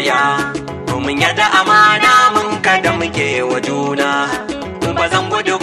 baya mun yada amana mun kada muke wa juna ba zan gudu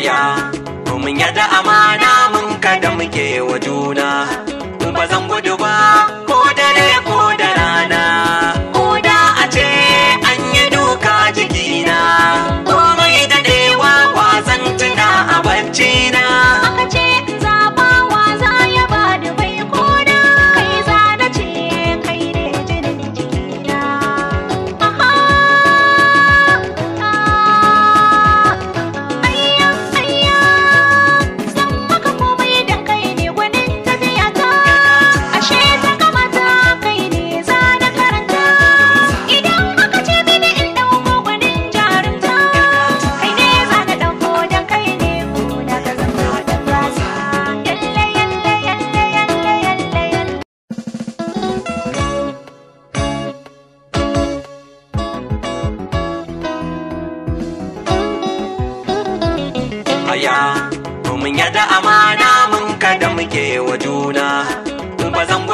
baya mun yada amana mun kada muke wa juna ba zan gudu ba mun yada amana mun kada muke wa juna ba zan